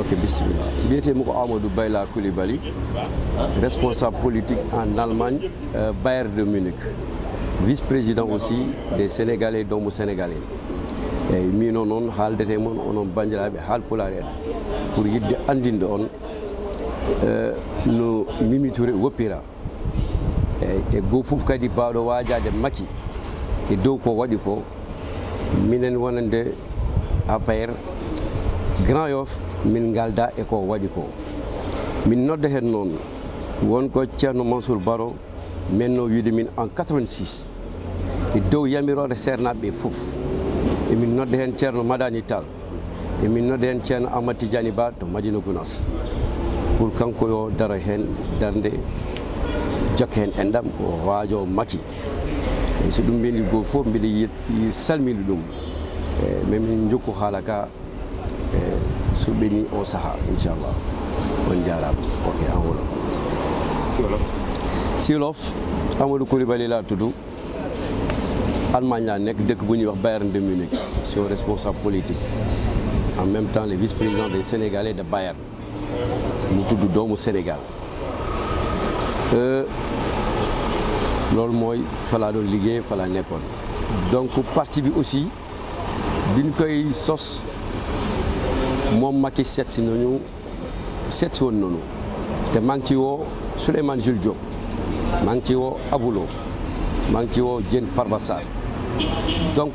ok bisimilla mbiyeteemo ko amadou bayla coulibaly responsable politique en allemagne euh, Bayern de munich vice-président aussi des sénégalais dombo sénégalais hal mino noon haaldete moon onon bandiraɓe haalpulaar en pour yidde andinde on euh, no mimitore woppira eyyi e, e goo fof kadi mbawɗo wajade maki e dow ko waɗi ko minen wonande grand yof min ngalda e ko waɗi ko min nodda heen noon wonko ceerno mansour baro menno wiide min en 86 e dow yamirore seernaɓeɓe fof emin nodda heen ceerno madani tal emin nodda heen ceerno amad tidiani ba to madina gounas pour kanko yo daro heen darde jokke heen enɗam ko waajo maki e so ɗum mbini goo fof mbiɗa salmini ɗum e mamin jokku haala ka so ɓeni on saha inshallah on jarama ok en wolof silof amadou koulibaly la tudd Allemagne laa nekk dëkk bu wax Bayern de Munich sur responsable politique en même temps le vice-président des Sénégalais de Bayern mu tudd doomu Sénégal euh mooy moy fala do liggéey fala laa donc parti bi aussi biñ koy sos moom Macky seet si nañu seet si woon nañu te maa ngi ci woo Souleymane Jules Diop maa ngi ci woo Aboulo maa ngi ci woo Diène Farba Sarr donc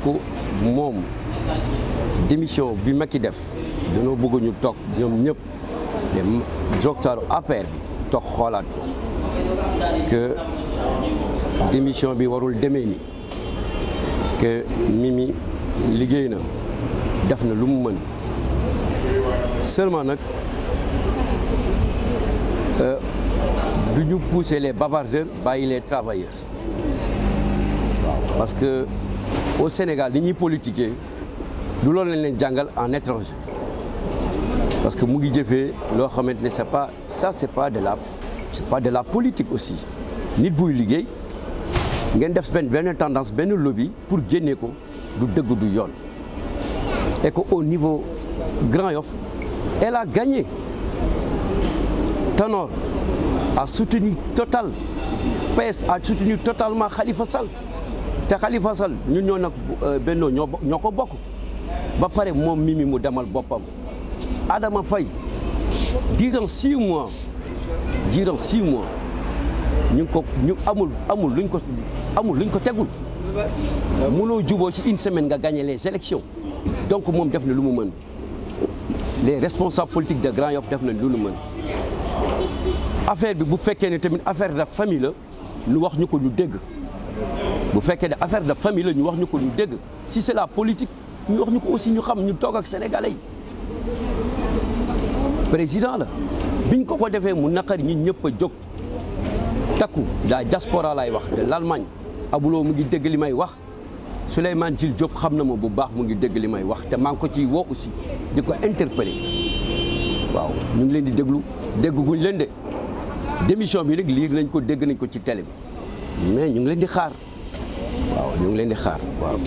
moom démission bi ci def dañoo bëgg ñu toog ñoom ñëpp te directeur APR bi toog xoolaat ko que bi warul demee ni que Mimi liggéey na def na lu mu mën seulement nous euh, du ñu pousser les bavardeurs à les travailleurs parce que au Sénégal les politiques, politiquer du loolu lañ en étranger parce que mu ngi leur loo ne c'est pas ça c'est pas de la c'est pas de la politique aussi nit buy une ngeen def une tendance benn lobby pour gagner ko du du et qu'au au niveau Grand elle a gagné. Tanor a soutenu total. PS a soutenu totalement Khalifa Sall. te Khalifa Sall ñun ñoo nag euh, bennoo ñoo ñoo ko bokk ba pare moom mimi mu demal boppam Adama Faye durant six mois durant six mois ñu ngi ko ñu amul amul luñ ko amul luñ ko tegul mënoo juboo ci une semaine nga gagné les élections donc moom def na lu mën les responsables politiques de Grand Yoff ne affaire affaire de famille la wax nous nous affaire de famille nous ñu wax si c'est la politique nous wax aussi sénégalais président la biñ a diaspora de l'Allemagne Aboulou, mu ngi Souleymane Jules Diop xam na ma bu baax mu ngi dégg li may wax te maa ngi ko ciy woo aussi di ko interpeller waaw ñu ngi leen di déglu dégguñ leen de démission bi nag liir nañ ko dégg nañ ko ci télé bi mais ñu ngi leen di xaar waaw ñu ngi leen di xaar waaw.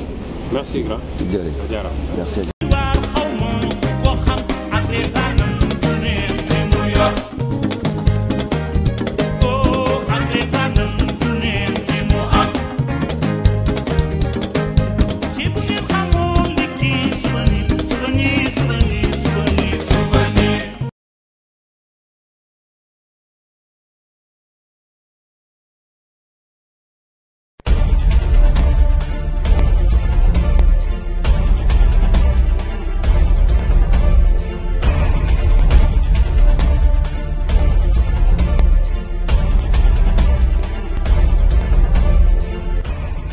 merci grand. jërëjëf merci.